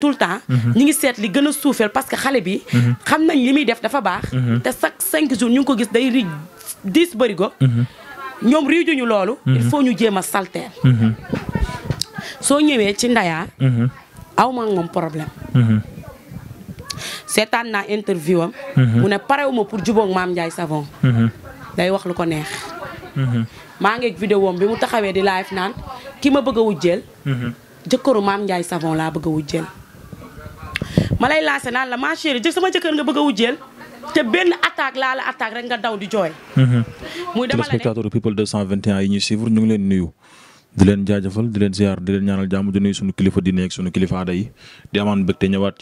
tout le temps mhm. ñi ngi seet li gën a suufeel parce que xale bi mhm. xam nañ li muy def dafa baax mhm. te chaque cinq jours ñu ngi ko gis day riij dix bërigo ñoom riijuñu loolu il faut ñu jéem a salteel soo ñëwee ci ndayaa aw ma moom problème seetaan naa interview am mu ne parewuma pour jubóog maam Ndiaye Savon day wax lu ko neex maa ngeeg vidéo am bi mu taxawee di live naan ki ma bëgg a wujjeel jëkkëru maam Ndiaye Savon laa bëgg a wujjeel ma lay lancé naan la ma jëkk sama jëkkër nga bëgg a wujjeel te benn attaque laa attaque rek nga daw di jooy. Mhm. muy dama la ne téléspectateur people 221 yi ñuy ngi leen nuyu. di leen jaajëfal di leen ziar di leen ñaanal jàmm di kilifa diine ak sunu kilifa aada yi di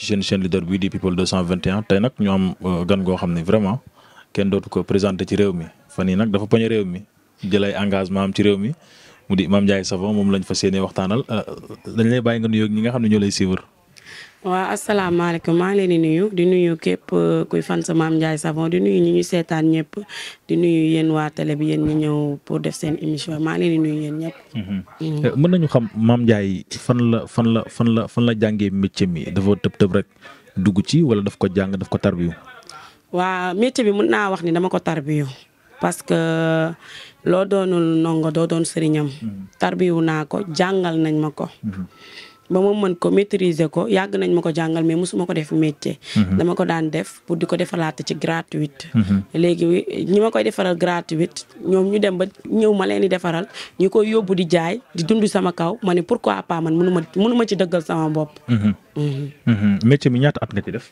seen chaîne leader bii di people 221 tey nag ñu am euh, gan goo ne ko présenté ci réew mi fan yii nag dafa poñe réew mi jëlay engagement am ci réew mi mu di Mame Ndiaye Savon moom lañ fas yéenee waxtaanal euh, dañ lay bàyyi nga nuyoog ñi nga xam ne ñoo lay suivre. waaw asalaamaaleykum maa ngi leen di nuyu di nuyu képp euh, kuy fan sa maam Ndiaye Savon di nuyu ñi ñu seetaan ñëpp di nuyu yéen waatele bi yéen ñi ñëw pour def seen émission maa ngi leen di nuyu yéen ñëpp. Mm-hmm. Mm. Euh, mën nañu xam maam Ndiaye fan la fan la fan la fan la jàngee métier mi dafa tëb tëb rek dugg ci wala daf ko jàng daf ko tarbiyu. waa métier bi mën naa wax ni dama ko tarbiyu parce que loo doonul ndongo doo doon sëriñam. Mm-hmm. tarbiwu naa ko jàngal nañ ma ko. Mm-hmm. ba ma mën ko maîtriser ko yàgg nañ ma ko jàngal mais mosuma ko def métier. Mhm. dama ko daan def pour di ko defalaate ci gratuite. Mhm. léegi ñi ma koy defaral gratuite ñoom ñu dem ba ñëw ma leen di defaral ñu koy yóbbu di jaay di dund sama kaw ma ne pourquoi pas man mënu ma mënu ma ci dëggal sama bopp. Mhm. métier bi ñaata at nga ci def.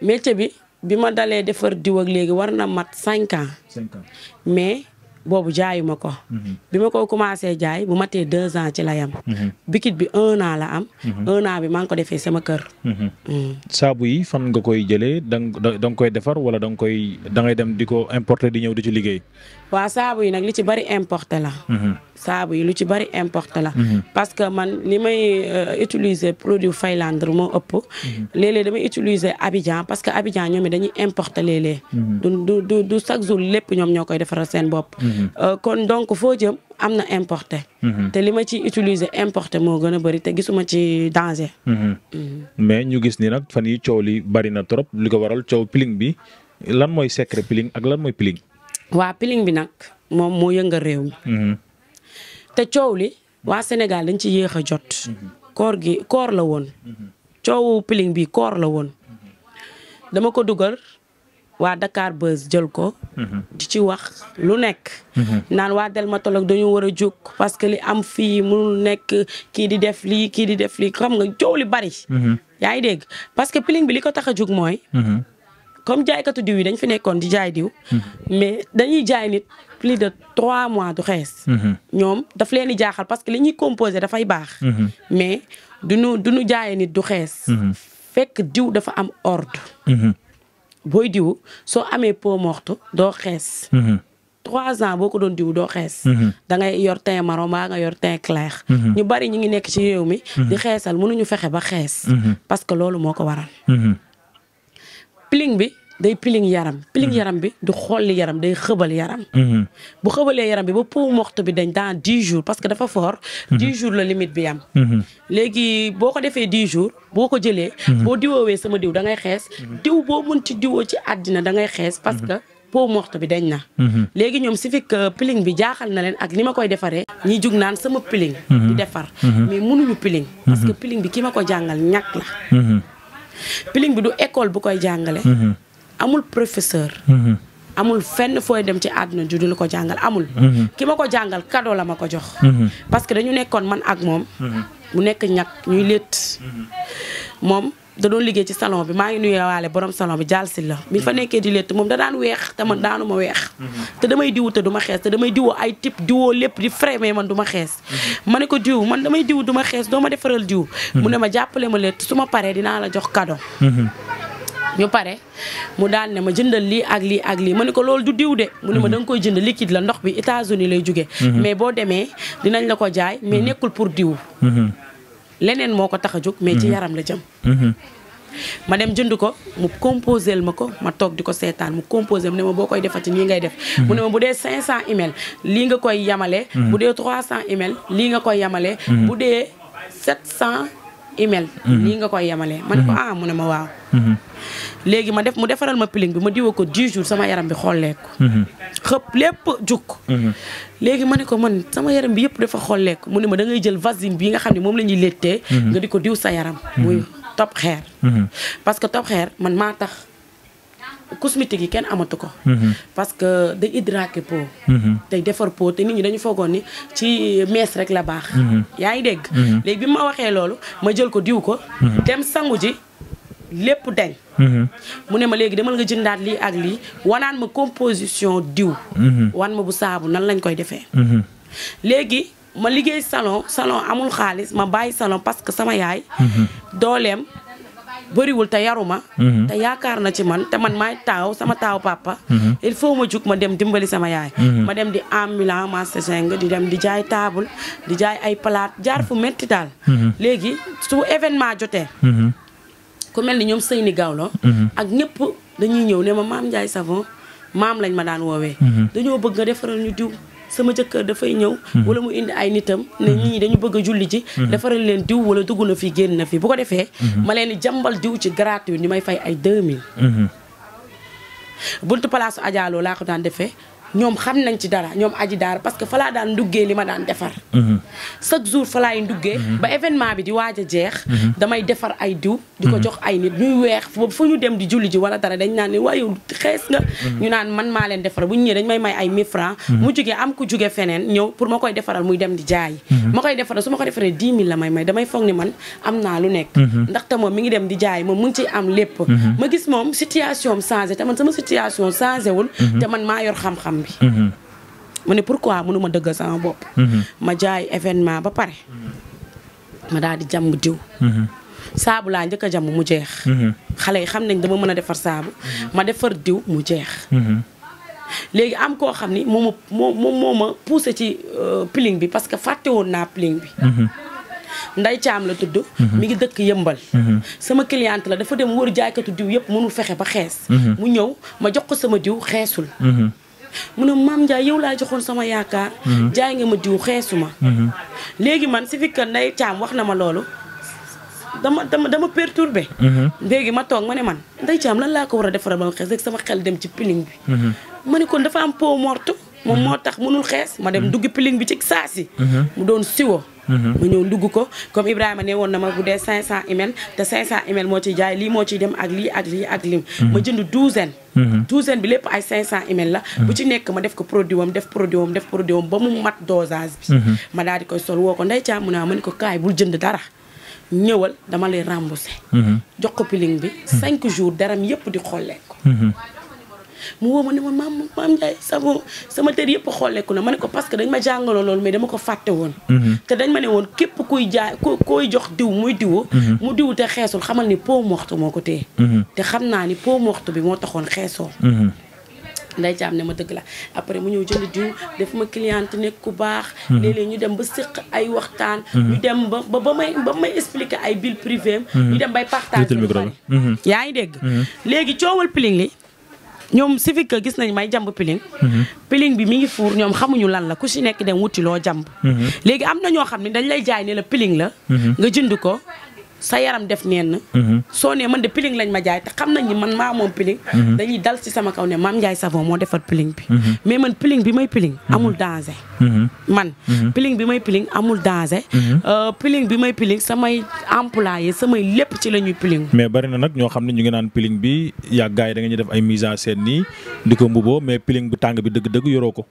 métier bi bi ma dalee defar diw ak léegi war na mat cinq ans. cinq ans mais. boobu jaayuma ko. Mhm. bi ma ko commencé jaay bu matee deux ans ci la yam. Mhm. bikit bi un la am. Mhm. un an bi maa ngi ko defee sama kër. Mm. saabu yi fan nga koy jëlee da nga koy defar wala da nga koy da ngay dem di ko importer di ñëw di ci liggéey. waa saabu yi nag li ci bari importé la. Mhm. saabu yi lu ci bari importé la. Mhm. parce que man li may euh, utiliser produit Faylandre moo ëpp. Mhm. léeg-léeg damay utiliser Abidjan parce que Abidjan ñoom it dañuy importé léeg-léeg. du du du chaque jour lépp ñoom ñoo koy defaral seen bopp. Euh, kon donc foo jëm am na importé. te li ma ci utiliser importé moo gën a bari te gisuma ci danger. mais ñu gis ni nag fan yi coow li bari na trop li ko waral coow piling bi lan mooy secret piling ak lan mooy piling. waa pilin bi nag moom moo yëngal réew mi. Mm-hmm. te coow li waa Sénégal dañ ci yéex a jot. Mm-hmm. koor gi koor la woon. Mm-hmm. coowu piling bi koor la woon. dama ko dugal waa Dakar Buzz jël ko. di ci wax lu nekk. naan waa dermatologue dañu war a jóg parce que li am fii mu nekk kii di def lii kii di def lii xam nga coow li bari. yaa ngi dégg parce que piling bi li ko tax a jóg mooy. comme jaaykatu diw yi dañu fi nekkoon di jaay diw. mais dañuy jaay nit plus de trois mois du xees. Mhm. ñoom daf leen di jaaxal parce que li ñuy composé dafay baax. Mhm. mais du nu du nu jaayee nit du xees. Mhm. fekk diw dafa am ordre. booy diw soo amee peau morte doo xees. trois ans boo ko doon diw doo xees. da ngay yor teint maroom maa nga yor teint clair. ñu bari ñu ngi nekk ci réew mi. di xeesal mënuñu fexe ba xees. parce que loolu moo ko waral. pling bi day piling yaram mhm. piling yaram bi du xolli yaram day xëbal yaram mhm. bu xëbalee yaram bi ba peau morte bi dañ daan dix jour parce que dafa foor mhm. dix jours la limite bi am léegi boo ko defee dix jours boo ko jëlee boo diwoowee sama diw da ngay xees diw boo mun ci diwoo ci àddina da ngay xees parce que peau morte bi dañ na léegi ñoom si fekk euh, peeling bi jaaxal na leen ak ni ma koy defaree ñi jug naan sama peeling di defar mais mënuñu peeling parce que peeling bi ki ma ko jàngal ñàkk la peeling bi du école bu koy jàngale amul professeur. Mm-hmm. amul fenn fooy dem ci àdduna ju dul ko jàngal amul. Mm-hmm. ki ma ko jàngal cadeau la ma ko jox. Mm-hmm. parce que dañu nekkoon man ak moom. mu nekk ñag ñuy létt. moom da liggéey ci salon bi maa ngi nuyuwaale borom salon bi jaal si la bi fa nekkee di moom da daan weex te man daanu ma weex. te damay diwu te du xees te damay diwoo ay type diwoo lépp di frémé man duma xees. ma ne ko diw man damay diw duma xees doo ma defaral diw. mu ne ma jàppale ma létt su ma paree dinaa la jox kado ñu pare mu daal ne ma jëndal lii ak lii ak lii ma ne ko loolu du diw de. mu ne ma mhm. da koy jënd liquide la ndox bi États-Unis lay jóge mhm. mais boo demee dinañ la ko jaay mais mhm. nekkul pour diw. leneen moo ko tax a jóg mais yaram la jëm. ma dem jënd ko mu composé ma ko ma toog di ko seetaan mu composé mu ne ma boo koy defati nii ngay def. mu ne ma bu dee 500 ml lii nga koy yamale. bu dee 300 ml lii nga koy yamale. bu dee 700 ml. lii nga ma ne ko ah mu ne ma waaw. léegi ma def mu defaral ma peeling bi ma diwa ko 10 jours sama yaram bi xolleeku mhm. xëpp lépp jukk mhm. léegi ma ne ko man sama yaram bi yëpp dafa xolleeku mu ne ma da ngay jël vaseline bi nga xam ne moom la ñuy léttee mhm. nga di ko diw sa yaram muy top xeer parce que top xeer man maa tax cosmétique yi kenn amatu ko parce que day hydrater peau day defar peau te nit ñi dañu foogoon ni ci mees rek la baax yaa ngi dégg léegi bi ma waxee loolu ma jël ko diw ko dem sangu ji lépp dañ. Mhm. mu ne ma léegi demal nga jëndaat lii ak lii wanaan ma composition diw. Mhm. wan ma bu saabu nan lañ koy defee. Mhm. léegi ma liggéey salon salon amul xaalis ma bàyyi salon parce que sama yaay. dooleem bëriwul te yaruma. te yaakaar na ci man te man maay taaw sama taaw papa. il faut ma jug ma dem dimbali sama yaay. ma dem di ambulant marché seng di dem di jaay table di jaay ay palaat jaar fu metti daal. léegi su événement jotee. ku mel ni ñoom Seyni Gawlo mhm. ak ñëpp dañuy ñëw ne ma maam Ndiaye Savon maam lañ ma daan woowee mhm. dañoo bëgg nga defaral ñu diw sama jëkkër dafay ñëw mhm. wala mu indi ay nitam ne ñii dañu bëgg a julli ji defaral leen diw wala dugg na fi génn na fi bu ko defee ma leen di jàmbal diw ci gratuit ni may fay ay 2000 buntu palaasu Adjaaloo laa ko daan defee ñoom xam nañ ci dara ñoom aji daara parce que fa laa daan nduggee li ma daan defar. Mhm. chaque jour fa laay nduggee. Mhm. ba événement bi di waaj a jeex. Mhm. damay defar ay diw. di ko jox ay nit ñuy weex fu ñu dem di julli ji wala dara dañ naan ne waaye xees nga. ñu naan man maa leen defar bu ñu ñëwee dañ may may ay 1000 francs mu am ku jugee feneen ñëw pour ma koy defaral muy dem di jaay. ma koy defaral su ma ko defaree 10 000 may may damay foog ni man am naa lu nekk. ndaxte moom mi ngi dem di jaay moom mu ngi ci am lépp. ma gis moom situation am changé te man sama situation changé wul. te man maa yor xam-xam boppam bi. Mm-hmm. mu ne pourquoi mënu ma dëggal sama bopp. Mm-hmm. ma jaay événement ba pare. Mm-hmm. ma daal di jàmm diw. saabu laa njëkk a jàmm mu jeex. xale yi xam nañ dama mën a defar saabu. ma defar diw mu jeex. léegi am koo xam ni moo ma moo moo ma poussé ci euh, piling bi parce que fàtte woon naa piling bi. nday caam la tudd. mu ngi dëkk yëmbal. sama cliente la dafa dem wër jaaykatu diw yëpp mënul fexe ba xees. mu ñëw ma jox sama diw xeesul. mu ne maam Ndiaye yow laa joxoon sama yaakaar. Mhm. jaay nga ma diw xeesu ma. Mhm. léegi man si fi kan nday caam wax na ma loolu dama dama dama perturbé. Mhm. léegi ma toog ma ne man nday caam lan laa ko war a defaral ba ma sama xel dem ci piling bi. ma ne kon dafa am peau morte. moom moo tax mënul xees ma dem dugg piling bi ci saasi. mu doon siwo. ma mm-hmm. ñëw ndugg ko comme Ibrahima ne woon na ma bu dee 500 ml te 500 ml moo ci jaay lii moo ciy dem ak lii ak lii ak lim mm-hmm. ma jënd douzaine mm-hmm. douzaine bi lépp ay cinq 500 ml la bu ci nekk ma def ko produit am def produit am def produit am ba mu mat dosage bi ma daal di koy sol woo ko ndey caa mun a ma ni ko kaay bul jënd dara ñëwal dama lay remboursé jox ko piling bi 5 jours daram yëpp di xollee ko mu woo ma ne ma maam maam Ndiaye sama sama tër yëpp na ma ne ko parce que dañ ma jàngaloon loolu mais dama ko fàtte woon mm-hmm. te dañ ma ne woon képp kuy jaay ku koy jox diw muy diwu mm-hmm. mu diwu te xeesul xamal ni peau waxtu moo ko téye mm-hmm. te xam naa ni peau waxtu bi moo taxoon xeesoo nday jaam ne ma dëgg la après mu ñëw jënd diw def ma cliente nekk ku baax léeg-léeg ñu dem ba séq ay waxtaan ñu dem ba ba ba may ba may expliquer ay bill privé ñu dem bay partage yaa ngi dégg léegi ñoom civique gis nañ may jàmb pilin mhm. pilin bi mi ngi fuur ñoom xamuñu lan la ku si nekk dem wuti loo jàmb mhm. léegi am na ñoo xam ne dañ lay jaay ne la piling la mhm. nga jënd ko sa yaram def neen na. Mhm. soo nee man de piling lañ ma jaay te xam nañ ni man maa moom piling. Mhm. dañuy dal ci sama kaw ne maam Ndiaye Savon moo defar piling bi. Mhm. mais man piling bi may piling amul danger. man piling bi may piling amul danger. Euh, piling bi may piling samay employé samay lépp ci la ñuy piling. mais bari na nag ñoo xam ne ñu ngi naan piling bi yaa gaay da nga ñu def ay mise en scène nii di ko mbuboo mais piling bu tàng bi dëgg-dëgg yoroo ko.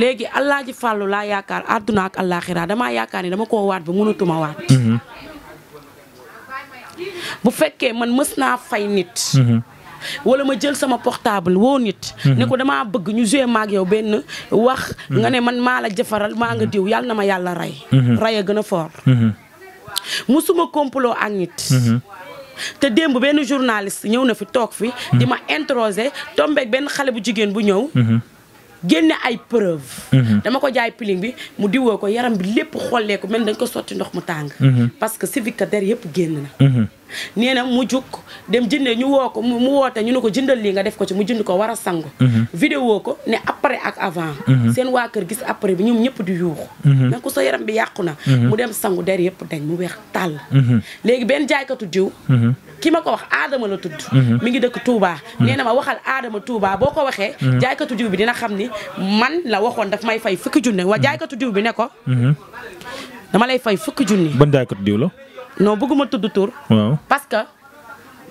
léegi Alaaji Fàllu laa yaakaar àdduna ak àllaaxira damaa yaakaar ni dama koo waat ba mënatuma waat. bu fekkee man mës naa fay nit. Mhm. wala ma jël sama portable woo nit. Mhm. ne ko damaa bëgg ñu joué maag yow benn wax. Mhm. nga ne man maa la jafaral maa nga diw yàlla na ma yàlla rey. rey a gën a fort. musuma complot ak nit. te démb benn journaliste ñëw na fi toog fi. di ma interroger tombeeg benn xale bu jigéen bu ñëw. génne ay preuve dama ko jaay piling bi mu diwoo ko yaram bi lépp xollee ko mel dañ ko sotti ndox mu tàng. parce que civique der yëpp génn na. nee na mu jug dem jënde ñu woo ko mu woote ñu ne ko jëndal lii nga def ko ci mu jënd ko war a sangu mhm. vidéo ko ne après ak avant mhm. seen waa kër gis après bi ñoom ñëpp di yuuxu mhm. nag ku sa yaram bi yàqu na mu dem sangu der yëpp dañ mu weex tàll léegi benn jaaykatu diw ki ma ko wax aadama la tudd mi ngi dëkk tuubaa nee na ma waxal aadama tuubaa boo ko waxee jaaykatu jiw bi dina xam ni man la waxoon daf may fay fukki junne wa jaaykatu jiw bi ne ko dama lay fay fukki junni ban jaaykatu diw la non bëgguma tudd tur. waaw parce que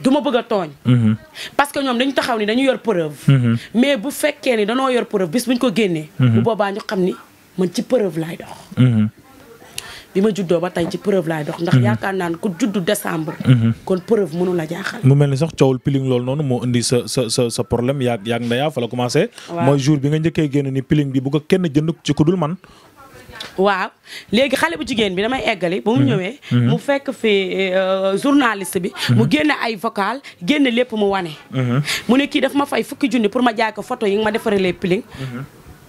du ma bëgg a tooñ. Mm-hmm. parce que ñoom dañu taxaw ni dañu yor preuve. Mm-hmm. mais bu fekkee ni danoo yor preuve bis ñu ko génnee. Mm-hmm. bu boobaa ñu xam ni man ci preuve laay dox. bi ma juddoo ba tey ci preuve laay dox. ndax yaakaar naan ku juddu décembre. kon preuve mënu la jaaxal. mu mel ni sax coowul piling loolu noonu moo indi sa sa sa sa problème yaag yaag ndeyaa fa la commencé. waaw jour bi nga njëkkee génn ni piling bi bu ko kenn jënd ci ku dul man. waaw léegi xale bu jigéen bi damay eggali ba mu mhm. ñëwee mhm. mu fekk fi euh, journaliste bi mu mhm. génne ay vocal génne lépp mu wane mu ne kii daf ma fay fukki junni pour ma jaay ko photo yi nga ma defaree les peeling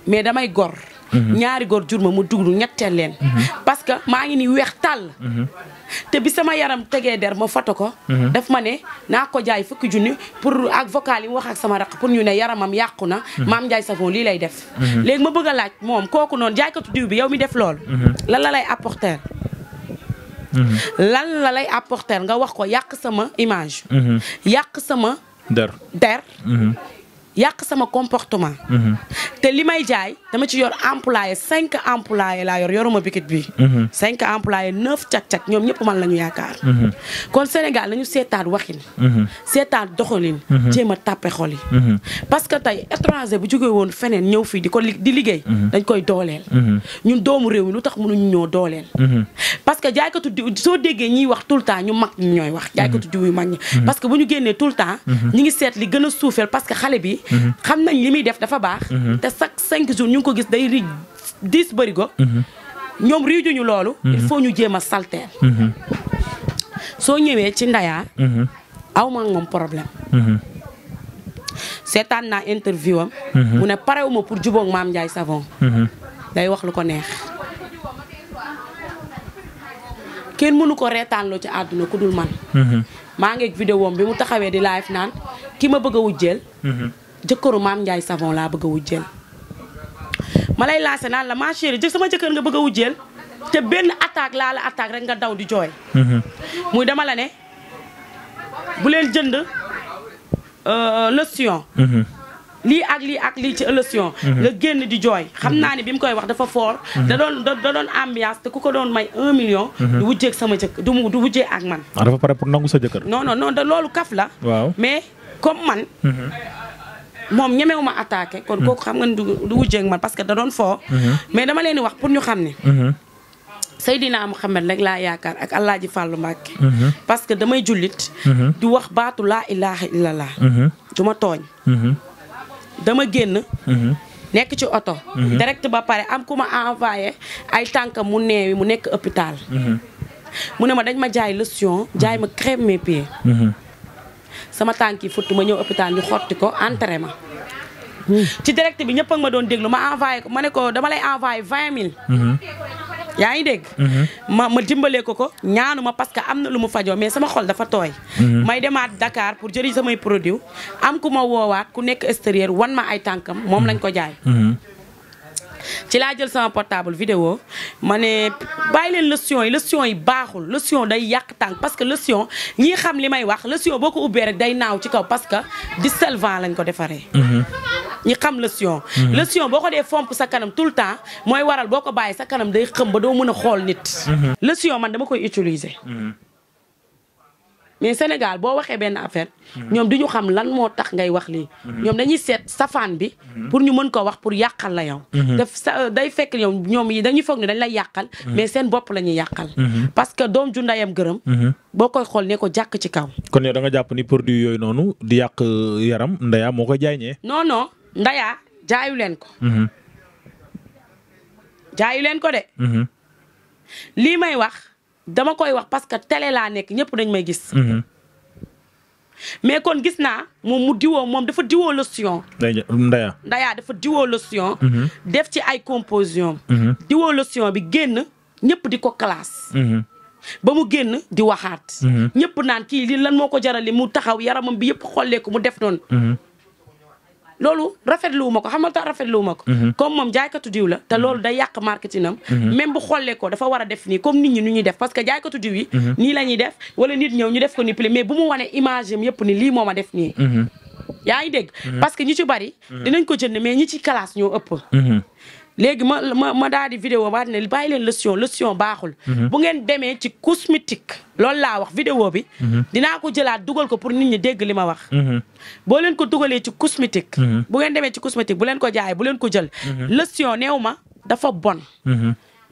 mais damay gor ñaari góor jur ma ma dugg ñetteel leen. parce que maa ngi ni weex tàll. te bi sama yaram tegee der ma foto ko. daf ma ne naa ko jaay fukki junni pour ak vocal yi wax ak sama raq pour ñu ne yaramam yàqu na. maam sa Savon lii lay def. léegi ma bëgg a laaj moom kooku noonu jaaykatu diw bi yaw mi def lool lan la lay apporter. lan la lay apporter nga wax ko yàq sama image. Mhm. yàq sama. der der. Mhm. yàq sama comportement. Mm-hmm. te li may jaay dama ci yor employé cinq employé laa yor yoruma bikit bi mm-hmm. cinq employé neuf cak-cak ñoom ñëpp man la ñu yaakaar. Mm-hmm. kon Sénégal nañu seetaat waxin. seetaat doxalin. jéem a tàppe xol yi. parce que tey étranger bu jógee woon feneen ñëw fii di ko di liggéey. dañ koy dooleel. ñun doomu réew mi lu tax mënuñu ñoo dooleel. parce que jaaykatu diw soo déggee ñiy wax tout le ñu mag ñi ñooy wax jaaykatu diw yu mag ñi. parce que bu ñu le temps. ñi ngi seet li gën parce que xale bi. Mhm. xam nañ li muy def dafa baax. Mhm. te chaque cinq jours ñu ngi ko gis day riij dix bërigo. Mhm. ñoom riijuñu loolu. il faut ñu jéem a salteel. soo ñëwee ci ndayaa. aw moom problème. seetaan naa interview am. mu ne parewuma pour jubóog maam Ndiaye Savon. day wax lu ko neex. kenn mënu ko reetaanloo ci àdduna ku dul man. maa ngi vidéo am bi mu taxawee di live naan ki ma bëgg a wujjeel. jëkkëru maam Ndiaye Savon laa bëgg a wujjeel ma lay lancé naan la ma jëkk sama jëkkër nga bëgg a wujjeel te benn attaque laa la attaque rek nga daw di jooy. Mhm. muy dama la ne bu leen jënd euh, lotion. Mhm. lii ak lii ak lii ci lotion. Mhm. nga génn di jooy xam naa ne bi mu koy wax dafa fort. da doon da doon ambiance te ku ko doon may un million. du wujjee sama jëkk du mu du wujjee ak man. Ah, dafa pare pour nangu sa jëkkër. non loolu kaf la. mais comme man. moom ñemewu ma attaqué. kon kooku xam nga du du wujjee man parce que da doon foo. Mhm. mais dama leen di wax pour ñu xam ni. Mhm. Seydina Muhammad rek laa yaakaar ak El Hadj Fallou Mbacke. Mhm. parce que damay jullit. di wax baatu laa ilaaha illallah. du ma tooñ. dama génn. nekk ci oto. direct ba pare am ku ma envoyé ay tànk mu neewi mu nekk hôpital. mu ne ma dañ ma jaay lotion jaay ma crème mes sama tànk yi futt ma ñëw hôpital ñu xotti ko enterré ma ci direct bi ñëpp ma doon déglu ma envoyé ko ma ne ko dama lay envoyé vingt mille yaa ngi dégg ma ma dimbalee ko ko ñaanu ma parce que am na lu mu fajoo mais sama xol dafa tooy may demaat Dakar pour jëriñ samay produit am ku ma woowaat ku nekk extérieur wan ma ay tànkam moom lañ ko jaay ci laa jël sama portable vidéo ma ne bàyyi leen leçon yi leçon yi baaxul leçon day yàq tànk parce que leçon ñi xam li may wax leçon boo ko ubbee rek day naaw ci kaw parce que di solvant lañ ko defaree. Mhm. ñi xam leçon. Mhm. leçon boo ko dee fomp sa kanam tout le temps mooy waral boo ko bàyyi sa kanam day xëm ba doo mën a xool nit. Mhm. leçon man dama koy utiliser. mais Sénégal boo waxee benn affaire ñoom du ñu xam lan moo tax ngay wax lii ñoom dañuy seet safaan bi pour ñu mën koo wax pour yàqal la yow mhm. sa day fekk yow ñoom yi dañuy foog ne dañu lay yàqal mhm. mais seen bopp la ñuy yàqal mhm. parce que doom ju ndeyam gërëm boo koy xool ne ko jàkk ci kaw kon yow da jàpp ni produit yooyu noonu di yàq euh, yaram ndaya moo koy jaay ñee non non ndaya jaayu leen ko jaayu leen ko de lii may wax dama koy wax parce que télé laa nekk ñëpp dañ may gis. Mhm. mais kon gis naa moom mu diwoo moom dafa diwoo lotion. ndaya ndaya dafa diwoo mhm. def ci ay composition mhm. diwoo lotion bi génn ñëpp di ko classe. ba mu génn di waxaat. ñëpp naan kii lii lan moo ko jarale mu taxaw yaramam bi yëpp xolleeku mu def noonu. loolu rafetlu ma ko xamal tax rafetlu ma ko. Mhm. comme moom jaaykatu diw la. te mhm. loolu day yàq marketing nam mhm. même bu xoolee ko dafa war a def nii comme nit ñi nu ñuy def parce que jaaykatu diw yi. nii la ñuy def wala nit ñëw ñu def ko ni pli mais bu mu wanee image am yëpp ni lii moom ma def nii. yaa ngi dégg. parce que ñi ci bari. dinañ ko jënd mais ñi ci classe ñoo ëpp. léegi ma ma ma daal di vidéo maa ne bàyyi leen lotion baaxul. Mhm. bu ngeen demee ci cosmétique. loolu laa wax vidéo bi. Mhm. dinaa ko jëlaat dugal ko pour nit ñi dégg li ma wax. Mhm. boo leen ko dugalee ci cosmétique. bu ngeen demee ci cosmétique bu leen ko jaay bu leen ko jël. lotion néew ma dafa bon.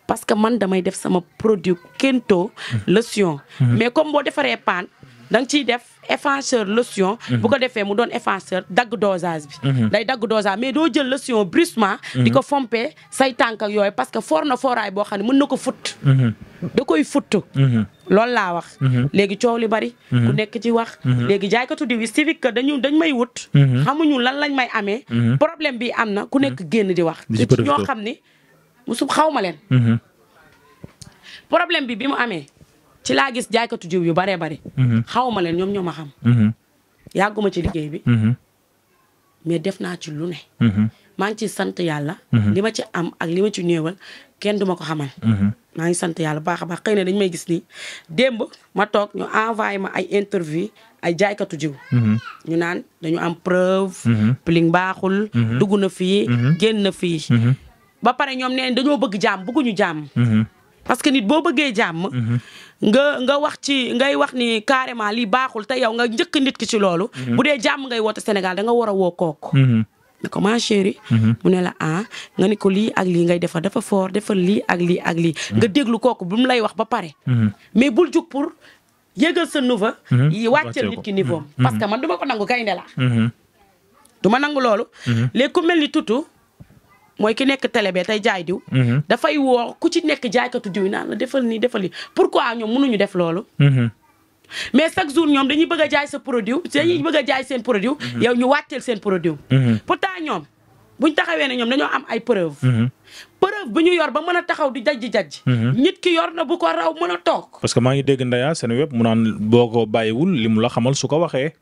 parce que man damay def sama produit Kento. lotion mais comme boo defaree paan da nga ciy def. effaceur lotion. Mhm. bu ko defee mu doon effaceur dagg dosage bi. Mhm. day dagg dosage mais doo jël lotion brusquement. Mhm. di ko fompe say tànk yooyu parce que foor na fooraay boo xam ne mën na ko futt. da koy futt. loolu laa wax. léegi coow li bari. ku nekk ci wax. léegi jaaykatu diw yi civique que dañu dañ may wut. xamuñu lan lañ may amee. problème bi am na ku nekk génn di wax. ñoo xam ni musub xaw ma leen. problème bi bi mu amee. ci laa gis jaaykatu jiw yu baree bari. Mhm. xaw ma leen ñoom ñoom ma xam. Mhm. yàgguma ci liggéey bi. Mhm. mais def naa ci lu ne. maa ngi ciy sant yàlla. li ma ci am ak li ma ci néewal kenn duma ko xamal. maa ngi sant yàlla baax a baax xëy na dañu may gis nii démb ma toog ñu envoyé ma ay interview ay jaaykatu jiw. ñu naan dañu am preuve. pling baaxul. dugg na fii génn na fii. ba pare ñoom nee dañoo bëgg jàmm ñu jàmm. parce que nit boo bëggee jàmm. Mhm. nga nga wax ci ngay wax ni carrément lii baaxul te yow nga njëkk nit ki ci loolu. Mhm. bu dee jàmm ngay woote Sénégal da nga war a woo kooku. Mhm. ne ko ma chérie mu ne la ah nga ni ko lii ak lii ngay defar dafa fort defar lii ak lii ak lii. nga déglu kooku bu mu lay wax ba pare. mais bul jug pour yëgal sa niveau. yi wàccal nit ki ni niveau parce que man duma ko nangu gaynde la. duma nangu loolu. léegi mel ni tutu. mooy ki nekk télé bee tey jaay diw. Mhm. dafay woo ku ci nekk jaaykatu diw yi naan la defal nii defal nii pourquoi ñoom mënuñu def loolu. Mhm. mais chaque jour ñoom dañuy bëgg a jaay sa produit dañuy mhm. bëgg a jaay seen produit. yow ñu wàcceel seen produit. pourtant ñoom buñ taxawee ne ñoom dañoo am ay preuve. preuve ñu yor ba mën a taxaw di jajji jajji. nit ki yor na bu ko raw mën a toog. parce que maa ngi dégg Ndaya seen web mu naan boo ko bàyyiwul li mu la xamal su ko waxee.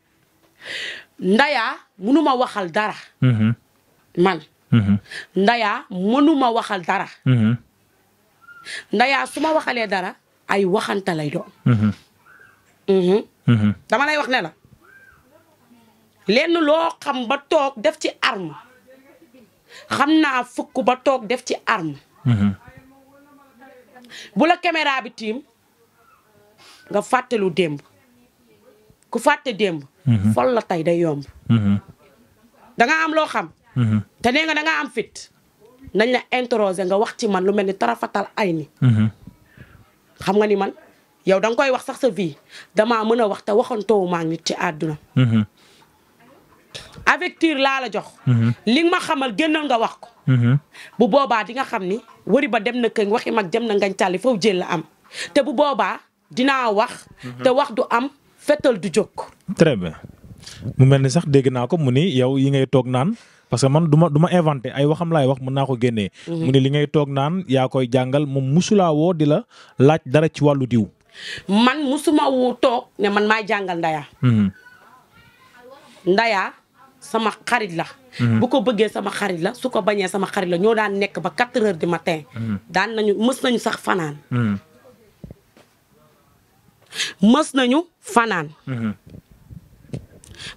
Ndaya mënuma waxal dara. man Mm-hmm. ndayaa mënuma waxal dara. Mm-hmm. ndayaa su ma waxalee dara ay waxanta lay doon. Mm-hmm. dama lay wax ne la lenn loo xam ba toog def ci arme xam naa fukk ba toog def ci arme. bu la caméra bi tiim nga fàttelu démb ku fàtte démb. fol la yomb. da am loo xam. Mm-hmm. te nee nga da ngaa am fit nañ la interroger nga wax ci man lu mel ni tara fatal ay ni mm-hmm. xam nga ni man yow da nga koy wax sax sa vie damaa mën a wax te waxantoowu maa nit ci àdduna mm-hmm. avec tir laa jox li ma xamal génnal nga wax ko bu boobaa di nga xam ni wari ba dem na këñ waxi mag jëm na ngañ càlli foofu jël la am te bu boobaa dinaa wax te wax du am fetal du jóg très bien mu mel ni sax dégg naa ko mu ni yow yi ngay toog naan parce que man du ma du ma inventé ay waxam laay wax mën naa ko génnee. Mhm. mu ne li ngay toog naan yaa koy jàngal moom musulaa woo di la laaj dara ci wàllu diw. man musuma wu toog ne man maay jàngal ndaya. Mhm. ndaya sama xarit la. Mhm. bu ko bëggee sama xarit la su ko bañee sama xarit la ñoo daan nekk ba 4 heures du matin. daan nañu mës nañu sax fanaan. mës nañu fanaan.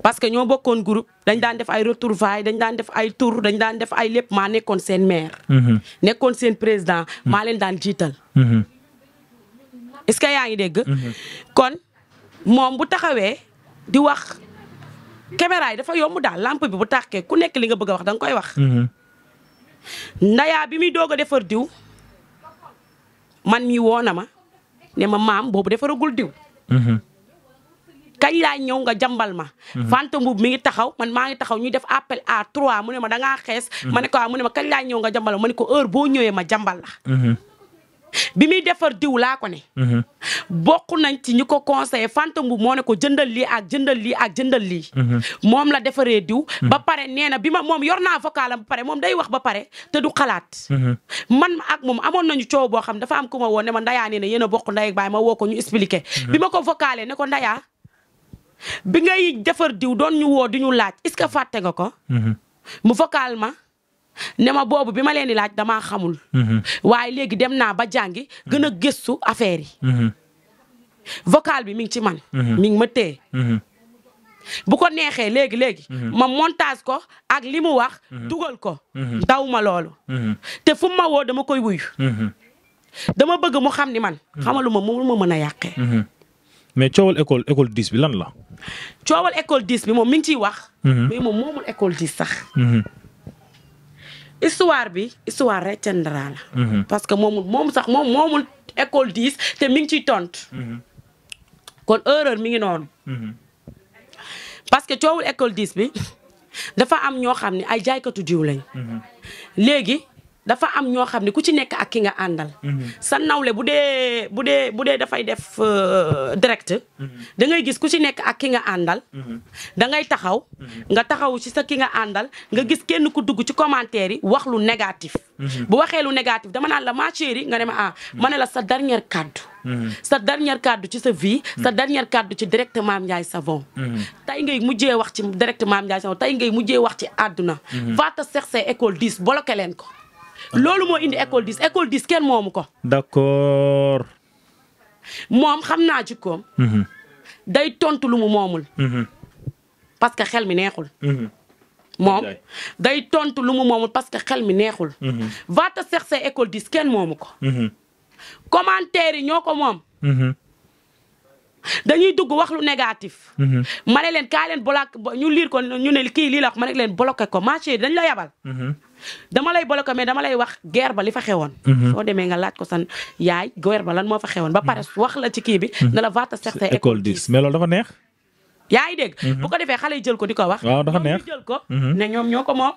parce que ñoo bokkoon groupe dañ daan def ay retrouvailles dañ daan def ay tour dañ daan def ay lépp maa nekkoon seen maire. Mhm. nekkoon seen président mhm. maa leen daan jiital. Mhm. est-ce que yaa ngi dégg. kon moom bu taxawee di wax caméra yi dafa yomb daal lampe bi bu tàkkee ku nekk li nga bëgg a wax da nga koy wax. ndayaa bi muy doog a defar diw man mi woona ma ne ma maam boobu defaragul diw. kañ laa ñëw nga jàmbal ma mhm. Fanta Mbuub mi ngi taxaw man maa ngi taxaw ñuy def appel trois mu ne ma dangaa xees mhm. ma ne ko waaw ah, ma kañ laa ñëw nga jàmbal ma ma ko heure boo ñëwee ma jàmbal la mhm. bi muy defar diw laa ko ne bokk nañ ci ñu ko conseillé Fanta Mbuub moo ne ko jëndal lii ak jëndal lii ak jëndal lii moom la defaree diw ba pare nee na bi ma moom yor naa vocalam ba pare moom day wax ba pare te du xalaat man ma ak moom amoon nañu coow boo xam dafa am ku ma woo ne ma ndayaa nee na yéen bokku bokk ndey baay ma woo ko ñu expliqué bi ngay defar diw doon ñu woo di ñu laaj est-ce que fàtte nga ko. Mm-hmm. mu vocal ma ne ma boobu bi ma leen di laaj dama xamul. Mm-hmm. waaye léegi dem naa ba jàngi gën a gëstu affaire yi. Mm-hmm. vocal bi mi ngi ci man. mi ngi ma téye. bu ko neexee léegi léegi. ma montage ko ak li mu wax. dugal ko. daw ma loolu. te fu ma woo dama koy wuyu. dama bëgg mu xam ni man. ma mu ma mën a yàqee. mais coowal école école dis bi lan la. coowal école 10 bi moom mi ngi ciy wax. Mhm. mais moom moomul école 10 sax. Mhm. histoire bi histoire rek Thiendara la. Mhm. parce que moomul moom sax moom moomul école diis te mi ngi ciy tontu. kon erreur mi ngi noonu. parce que coowul école diis bi dafa am ñoo xam ni ay jaaykatu diw lañ. léegi dafa am ñoo xam ne ku ci nekk ak ki nga àndal. Mhm. sa nawle bu dee bu dee bu dee dafay def euh, direct. Mhm. da ngay gis ku ci nekk ak ki nga àndal. Mhm. da ngay taxaw. nga taxaw ci sa ki nga àndal nga gis kenn ku dugg ci commentaire yi wax lu négatif. bu waxee lu négatif dama naan la ma chérie nga ne ma ah ma ne la sa dernière kàddu. sa dernière kàddu ci sa vie. sa dernière kàddu ci direct Mame Ndiaye Savon. tey ngay mujjee wax ci direct Mame Ndiaye Savon tey ngay mujjee wax ci àdduna. va te chercher école 10 bloqué leen ko. Ah. loolu moo indi école dix école dis kenn moomu ko. d'accord. moom xam naa jikkoom. Mhm. Mhm. Mhm. day tontu lu mu moomul. parce que xel mi neexul. moom day tontu lu mu moomul parce que xel mi neexul. va te chercher école dix kenn moomu ko. commentaire yi ñoo ko moom. dañuy dugg wax lu négatif. ma ne leen kaa leen bloqué ñu liir ko ñu ne kii lii la ma ne leen bloqué ko marché dañ la yabal. dama lay ko mais dama lay wax geer ba li fa xewoon. Mhm. soo demee nga laaj ko san yaay guerre ba lan moo fa xewoon. ba pare mhm. wax la ci kii bi. Mhm. ne la va te certain école dix mais dafa neex. yaa ngi dégg. bu ko defee xale yi jël ko di ko wax. waaw dafa neex jël ko. ne ñoom ñoo ko moom.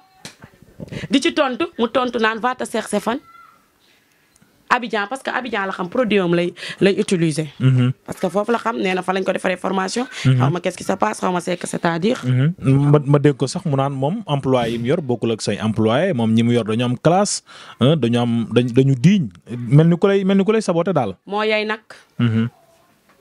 di ci tontu mu tontu naan va te certain fan. Abidjan parce que Abidjan la xam produit am lay utiliser. Mhm. parce que foofu la xam nee na fa lañ ko defaree formation. Mhm. xaw ma qu'est-ce qui se passe xaw ma c'est que mhm. ma ma ko sax mu naan moom emploi yi mu yor bokkul ak say employé moom ñi mu yor dañu am classe dañu dañu dañu diiñ mel ni ku lay mel ni ku lay saboté daal. moo yay nag.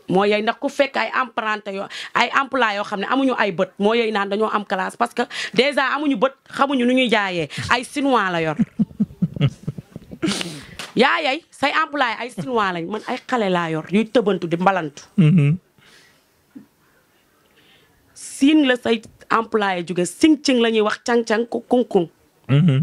moo yey ndax ku fekk ay emprunté yoo ay emploi yoo xam ne amuñu ay bët moo yey naan dañoo am classe parce que déjà amuñu bët xamuñu nu ñuy jaayee ay chinois la yor yaayay say employé ay chinois lañ man ay xale laa yuy tëbantu di mbalantu. Mm-hmm. siin la say employé jóge sing-cing la ñuy wax cang-cang ko kung-kung. Mm-hmm.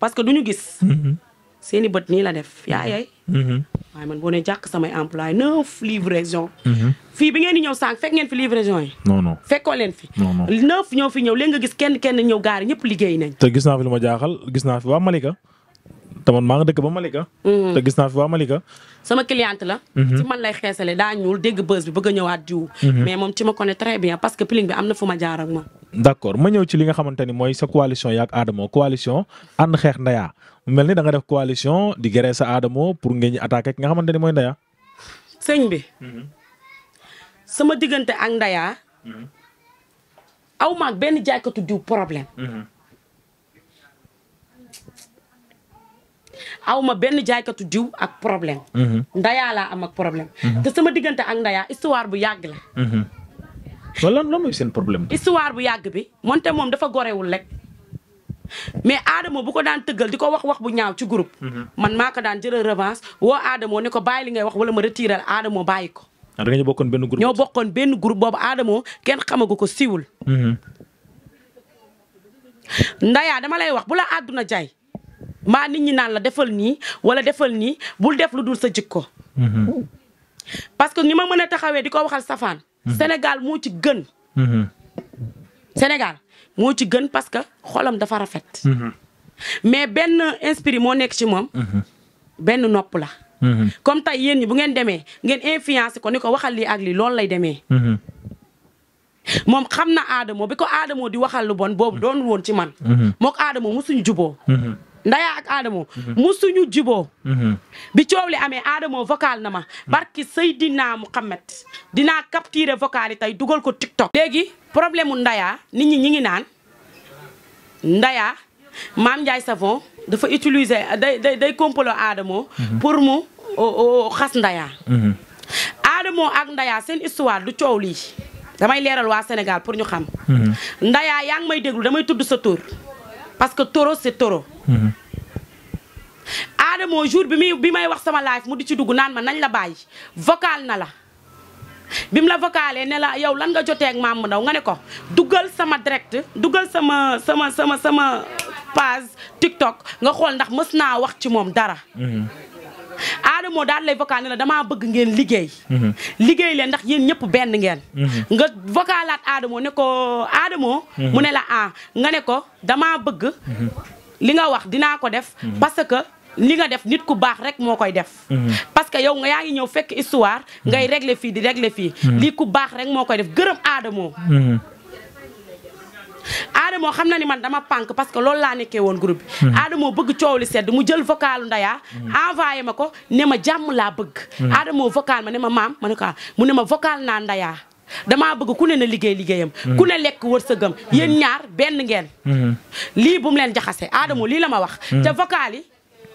parce que du ñu gis. Mm-hmm. seen i bët nii la def yaayay. waaye man boo nee jàkk samay employé neuf livraison fii bi ngeen di ñëw sànq fekk ngeen fi livraison yi. non fekkoo leen fi. non non neuf ñoo fi ñëw léegi nga gis kenn kenn ñëw gaari ñëpp liggéey nañ. te gis naa fi lu ma jaaxal gis naa fi waa Malika. te man maa nga dëkk ba Malika. Mm. te gis naa fi waa Malika. sama cliente la. Mm-hmm. ci man lay xeesale daa ñuul dégg bës bi bëgg a ñëwaat diw. Mm-hmm. mais moom ci ma connais très bien parce que piling bi am na fu ma jaar ak ma ñëw nga xamante ni mooy sa coalition yaak Adamo coalition ànd xeex Ndeya mu mel ni da nga def coalition di géré sa Adamo pour ngeen ñu attaqué ki nga xamante ni mooy Ndeya. sëñ bi. Mm-hmm. sama diggante ak Ndeya. aw maag benn jaaykatu diw problème. aw ma benn jaaykatu diw ak problème. Mhm. ndayaa laa am ak problème. Mhm. te sama diggante ak ndayaa histoire bu yàgg la. wala mhm. lan mooy seen problème. histoire bu yàgg bi moonte moom dafa gore gorewul rek mais Adamo bu ko daan tëggal di ko wax wax bu ñaaw ci group man maa ko daan jëlal revanche woo Adamo ne ko bàyyi li ngay wax wala ma retiral Adamo bàyyi ko. Ah, da nga ñu bokkoon benn groupe ñoo bokkoon benn groupe boobu Adamo kenn xamagu ko siwul. Ndaya dama lay wax bu la àdduna jaay maa nit ñi naan la defal nii wala defal nii bul def lu dul sa jikko. Mm-hmm. parce que ni ma mën a taxawee di ko waxal safaan. Mm-hmm. Sénégal moo ci gën. Mm-hmm. Sénégal moo ci gën parce que xolam dafa rafet. mais benn inspiré moo nekk ci moom. benn nopp la. comme tey yéen yi bu ngeen demee ngeen influencé ko ni ko waxal lii ak lii loolu lay demee. moom xam na aadamoo bi ko aadamoo di waxal lu bon boobu doon woon ci man. mook aadamoo musuñu juboo. ndaya ak aadamoo mhm. mu suñu jiboo mhm. bi coow li amee Adamo vocal na ma. Mhm. barki Seydina Muhammad dinaa capturer vocal yi tey dugal ko TikTok. léegi problème mu ndaya nit ñi ñi ngi naan ndaya maam Ndiaye Savon dafa utiliser day day day complot Adamo. pour mu xas ndaya. Adamo ak ndaya seen histoire du coow lii damay leeral waa Sénégal pour ñu xam. ndaya yaa ngi may déglu damay tudd sa tur. parce que taureau c'est taureau. Mhm. Adamo jour bi muy bi may wax sama live mu di ci dugg naan ma nañ la bàyyi vocal na la. bi mu la vocalee ne la yow lan nga jotee ak maam ndaw nga ne ko dugal sama direct dugal sama sama sama sama page TikTok nga xool ndax mës naa wax ci moom dara. Mhm. Adamo daal lay vocal ne la damaa bëgg ngeen liggéey. Mhm. liggéey leen ndax yéen ñëpp benn ngeen. Mhm. nga vocalaat Adamo ne ko Adamo. Mhm. mu ne la ah nga ne ko damaa bëgg. li nga wax dinaa ko def. parce que li nga def nit ku baax rek moo koy def. parce que yow nga yaa ngi ñëw fekk histoire. ngay régler fii di régler fii. lii ku baax rek moo koy def gërëm aadamoo Adamo xam na ni man dama pànk parce que loolu laa nekkee woon groupe mhm. adamoo bëgg coow li sedd mu jël vocalu Ndaya mhm. envoyé ma ko ne ma jàmm laa bëgg mhm. Adamo vocal ma ne ma maam ma ne ko ne ma vocal naa Ndaya damaa bëgg ku ne na liggéey liggéeyam ku ne lekk wërsëgam yéen ñaar benn ngeen lii bu mu leen jaxase Adamo lii la ma wax te vocal yi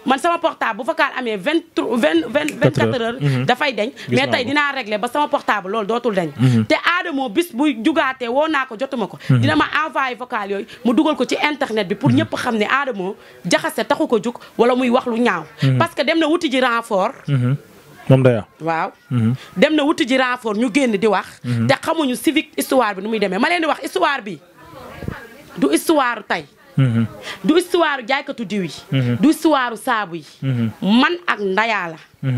man sama portable bu vocal amee vingt vingt mhm. dafay dañ mais tey dinaa régler ba sama portable lool dootul dañ mhm. te aadamoo bis bu jugaatee woo naa ko jotuma ko mhm. dina ma envoyé vocal yooyu mu dugal ko ci internet bi pour ñëpp xam ne aadamoo jaxase taxu ko jug wala muy wax lu ñaaw parce que dem na wuti ji renfort waaw dem na wuti ji ñu génn di wax te xamuñu civique histoire bi nu muy demee ma leen di wax histoire bi du histoire tey Mhm. du histoire jaaykatu diw yi. Mhm. du histoire saabu yi. Mhm. man ak ndayaa la.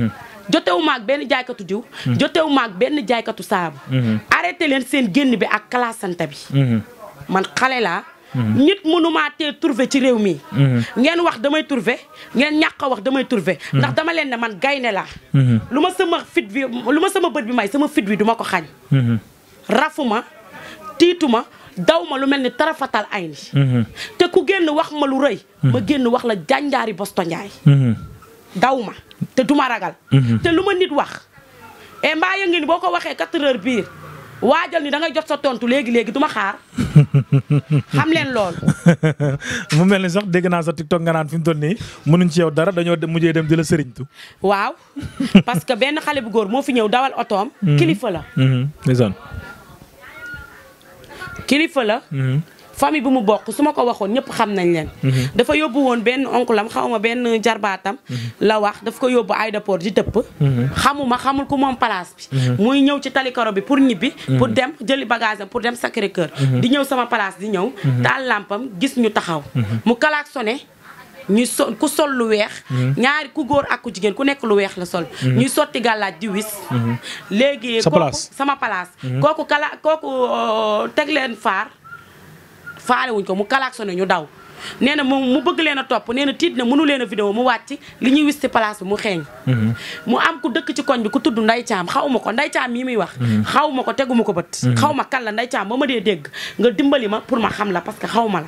jotewuma benn jaaykatu diw. jotewuma benn jaaykatu saabu. arrêté leen seen génn bi ak kalaasante bi. man xale laa. nit mënumaa tee trouvé ci réew mi. ngeen wax damay trouvé ngeen ñàkk wax damay trouvé. ndax dama leen ne man gaynde laa. lu ma sama fit bi lu ma sama bët bi may sama fit bi duma ko xañ. rafuma tiituma. daw ma lu mel ni tarafatal ay ni mhm. te ku génn wax ma lu rëy ma mhm. génn wax la jànjaari bosto njaay mhm. daw ma te duma ragal te lu ma nit wax e mbaa yëngi ni boo ko waxee quatre heures biir waajal ni da ngay jot sa tontu léegi léegi du ma xaar xam leen loolu. mu mel ni sax dégg naa sa TikTok nga naan fi mu toll nii mënuñ ci yow dara dañoo mujjee dem di la sëriñtu. waaw parce que benn xale bu góor moo fi ñëw dawal otoom. kilifa la. kilifa la. Mhm. famille bi mu bokk su ma ko waxoon ñëpp xam nañ leen. Mhm. dafa yóbbu woon benn xaw ma benn jarbaatam. Mhm. la wax daf ko yóbbu aéroport di tëpp. xamuma xamul ku moom place bi. muy ñëw ci talikaro bi pour ñibbi. pour dem jëli bagage pour dem Sacré di ñëw sama place di ñëw. taal làmpam gis ñu taxaw. mu klaxonné. ñuy sol ku sol lu weex mm-hmm. ñaari ku góor ak ku jigéen ku nekk lu weex la sol mm-hmm. ñuy sotti gàllaaj di wis mm-hmm. léegi kooku sama palaas kooku kala kooku euh, teg leen faar faale wuñ ko mu ne ñu daw nee na moom mu bëgg leen a topp nee na tiit na mënu leen a vidéo mu wàcc li ñuy wis ci place bi mu xeeñ mu am ku dëkk ci koñ bi ku tudd nday caam xaw ma ko nday caam yi muy wax xaw ma ko teguma ko bët xaw ma kan la nday caam ba ma dee dégg nga dimbali ma pour ma xam la parce que xaw ma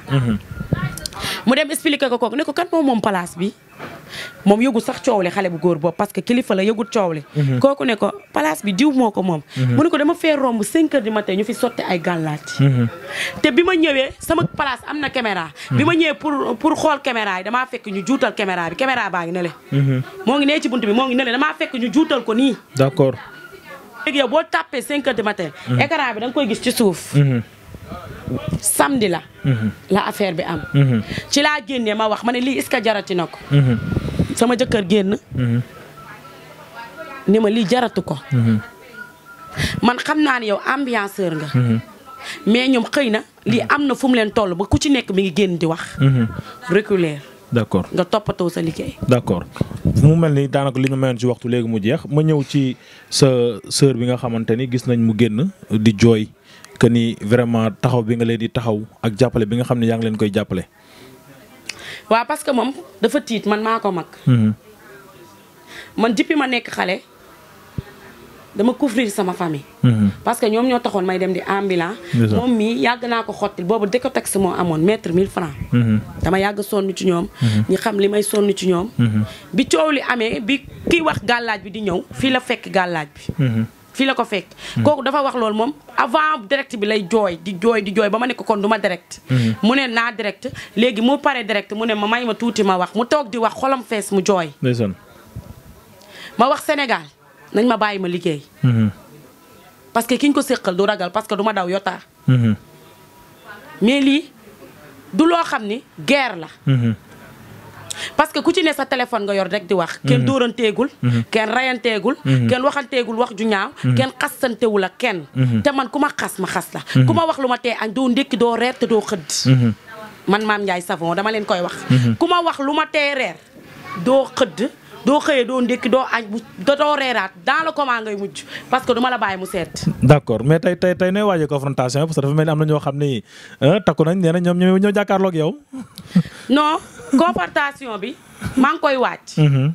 mu dem expliqué ko kooku ne ko kan moom moom place bi moom yëgul sax coow li xale bu góor boobu parce que kilifa la yëgul coow li mhm. ko ne ko place bi diw moo ko moom mhm. mu ne ko dama fee romb cinq heures du ñu fi sotti ay gàllaaj mhm. te bi ma ñëwee sama place am na caméra bi ma ñëwee pour pour xool caméra yi damaa fekk ñu juutal caméra bi caméra baa ngi ne le moo ngi nee ci bunt bi moo ngi ne le fekk ñu juutal ko nii d'accord léegi yow boo tàppee cinq heures du matin écran bi da koy gis ci suuf samedi la. Mhm. la affaire bi am. Mhm. ci laa génnee ma wax ma ne lii est que jarati na ko. Mhm. sama jëkkër génn. ni ma lii jaratu ko. man xam naa ne yow ambianceur nga. mais ñoom xëy na lii am na fu mu leen toll ba ku ci nekk mi ngi génn di wax. reculer. nga toppatoo sa liggéey. d'accord mu mel ni daanaka li ñu mayoon ci waxtu léegi mu jeex ma ñëw ci sa sœur bi nga xamante ni gis nañ mu génn di jooy. que nii vraiment taxaw bi nga leen di taxaw ak jàppale bi nga xam ne yaa ngi leen koy jàppale. waa parce que moom dafa tiit man maa ko mag. Mm-hmm. man depuis ma nekk xale dama couvrir sama famille. Mm-hmm. parce que ñoom ñoo taxoon may dem di ambulant. moom mii yàgg naa ko xotti boobu de déco tax moo amoon mètre mille francs. Mm-hmm. dama yàgg sonn ci ñoom. ñi xam li may sonn ci ñoom. bi coow li amee bi kii wax gàllaaj bi di ñëw fii la fekk gàllaaj bi. fii la ko fekk. kooku dafa wax loolu moom avant direct bi lay jooy di jooy jooy ba ma nekk kon du ma direct. Mhm. mu ne naa direct léegi mu pare direct mu ne ma may ma tuuti ma wax mu toog di wax xolam fees mu jooy. ma wax Sénégal nañ ma bàyyi ma liggéey. Mhm. parce que ki ko séqal du ragal parce que du ma daw yotaa mhm. mais lii du loo xam ni guerre la. parce que ku ci ne sa téléphone nga yor rek di wax kenn mhm. dóoranteegul mhm. kenn rayanteegul mhm. kenn waxanteegul wax ju ñaaw kenn xasantewul kenn te man ku ma xas ma xas la ku ma wax lu ma tee añ doo ndékki doo reer te doo xëdd man maam Ndiaye Savon dama leen koy wax ku ma wax lu ma reer doo xëdd doo xëyee doo ndékki doo añ bu doo reeraat daal la comment ngay mujj parce que du la bàyyi mu seet. d' mais tey tey tey nooy waajee confrontation parce que dafa mel ni xam ni na ñoom ñoo ñoo jàkkaarloog yow. non confrontation bi maa ngi koy waaj. Mm-hmm.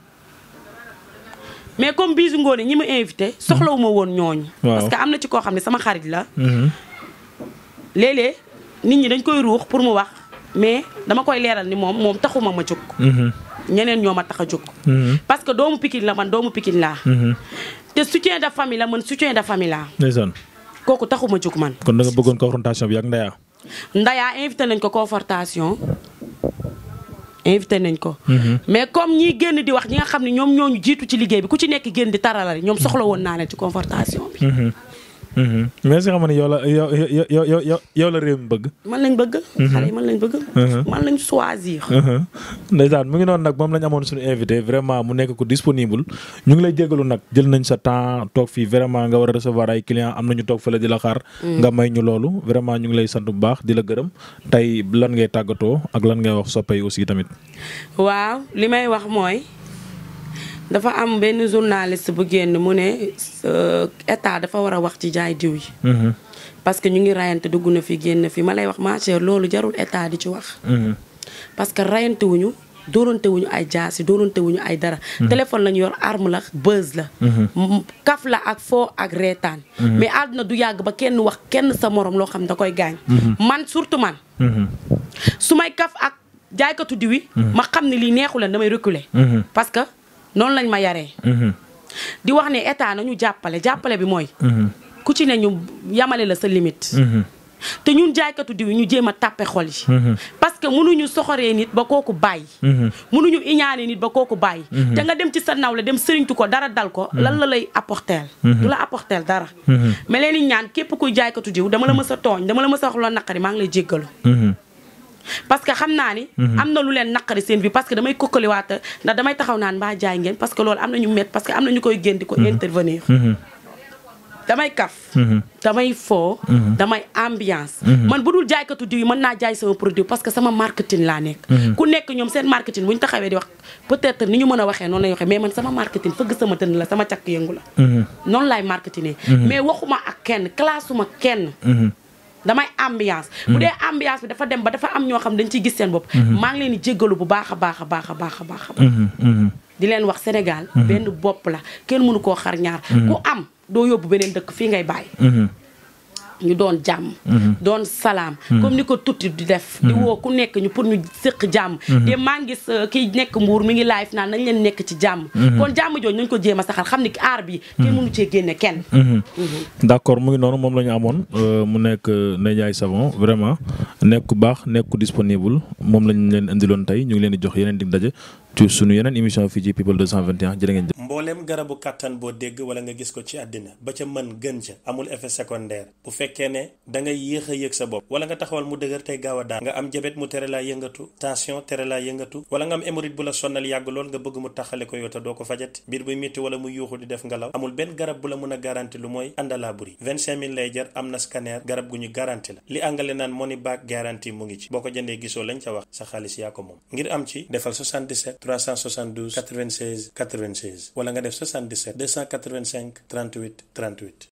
mais comme bisu ngoone ñi ma invité soxlawu ma woon ñooñ mm-hmm. parce que am na ci koo xam ne sama xarit la. Mm-hmm. léeg-léeg nit ñi dañ koy ruux pour mu wax mais dama koy leeral ni moom moom taxuma ma jóg. ñeneen ñoo ma tax a jóg. Mhm. parce que doomu Pikine la man doomu Pikine laa. Mhm. te soutien de famille la man soutien de famille laa. kooku taxuma jóg man. kon da nga bëggoon confrontation bi ak Ndaya. Ndaya invité nañ ko confrontation. invité nañ ko. Mhm. mais comme ñi génn di wax ñi nga xam ne ñoom ñoo ñu jiitu ci liggéey bi ku ci nekk génn di taralari ñoom soxla woon naa leen ci confrontation bi. Mhm. mais si xam ne yow la yow yow yow la réew mi bëgg. man lañ bëgg. Mhm. man lañ bëgg. Mhm. man lañ choisir. ndeysaan mu ngi doon nag moom lañ amoon suñu invité vraiment mu nekk ko disponible ñu ngi lay jégalu nag jël nañ sa temps toog fii vraiment nga war a recevoir ay clients am na ñu toog fële di la xaar. Mm. nga may ñu loolu vraiment ñu ngi lay sant bu baax di la gërëm tey lan ngay tàggatoo ak lan ngay wax soppe aussi tamit. waaw li may wax mooy. dafa am benn journaliste bu génn mu ne euh, état dafa war a wax ci jaay diw yi. Mhm. parce que ñu ngi rayante dugg na fi génn fi ma lay wax ma loolu jarul état di ci wax. Mhm. parce que rayante wuñu dóorante wuñu ay jaasi dóorante wuñu ay dara. Mhm. téléphone lañu yor arme la buzz la. kaf la ak foo ak reetaan. mais àdduna du yàgg ba kenn wax kenn sa moroom loo xam da koy gaañ. man surtout man. su may kaf ak jaaykatu diw yi. ma xam ne lii neexu la damay reculer. noonu lañ ma yaree. Mhm. di wax ne état nañu jàppale jàppale bi mooy. Mhm. ku ci ne ñu yamale la sa limite. Mhm. te ñun jaaykatu diw ñu jéem a tàppe xol yi. parce que mënuñu soxoree nit ba kooku bàyyi. mënuñu iñaane nit ba kooku bàyyi. te nga dem ci sa nawle dem sëriñtu ko dara dal ko. lan la lay apporteel. du la apporteel dara. mais leen ñaan képp kuy jaaykatu diw dama la mës a tooñ dama la mës a wax loo naqari maa ngi lay jéggalu. parce que xam naa ni. Mhm. am na lu leen naqari seen bi parce que damay kokkaliwaat ndax damay taxaw naan mbaa jaay ngeen parce que loolu am na ñu met parce que am na ñu koy génn di ko mhm. intervenir. Mhm. damay kaf. damay foo. damay ambiance. man bu dul jaaykatu diw yi mën naa jaay sama produit parce que sama marketing laa nekk. ku nekk ñoom seen marketing bu ñu taxawee di wax peut-être ni ñu mën a waxee noonu lay waxee mais man sama marketing fëgg sama tënn la sama càkk yëngu la. noonu laay marketingee. mais waxuma ak kenn classuma kenn. damay ambiance mm. bu dee ambiance bi dafa dem ba dafa am ñoo xam dañ ciy gis seen bopp mm-hmm. maa ngi leen di jéggalu bu baax a baax a baax a baax a baax mm-hmm. Mm-hmm. di leen wax Sénégal benn bopp la kenn mënu koo xar ñaar ku am doo yóbbu beneen dëkk fii ngay bàyyi ñu doon jàmm mhm. doon salaam mhm. comme ni ko tuuti di def di mhm. woo ku nekk ñu pour ñu sëq jàmm te maa ngi gis kii nekk mbuur mi ngi live naan nañ leen nekk ci jàmm kon jàmm jooju nañ ko jéem a saxal xam ni ki aar bi kenn mënu cee génne kenn d'accord mu ngi noonu moom la ñu amoon euh, mu nekk euh, Ndeye Ndiaye Savon vraiment nekku ku baax nekk ku disponible moom lañ leen indiloon tey ñu ngi leen di jox yeneen dig daje ci sunu yeneen émission fii ci People 221 jërë ngeen jëf. mbooleem garabu kàttan boo dégg wala nga gis ko ci àddina ba ca mën gën ca amul effet secondaire bu fekkee ne da ngay yëg sa bopp wala nga taxawal mu dëgër tey gaaw a nga am jabet mu tere laa yëngatu tension tere laa yëngatu wala nga bu la sonnal yàgg lool nga bëgg mu taxale ko yow te doo ko fajat biir buy métti wala mu yuuxu di def ngelaw amul benn garab bu la mën a garanti lu mooy àndalaa buri 25000 lay jar am na scanner garab gu ñu garanti la li angale naan money back guarantee mu ngi ci boo ko jëndee wax sa xaalis yaa ko moom 372 96 96 wala nga def 77 285 38 38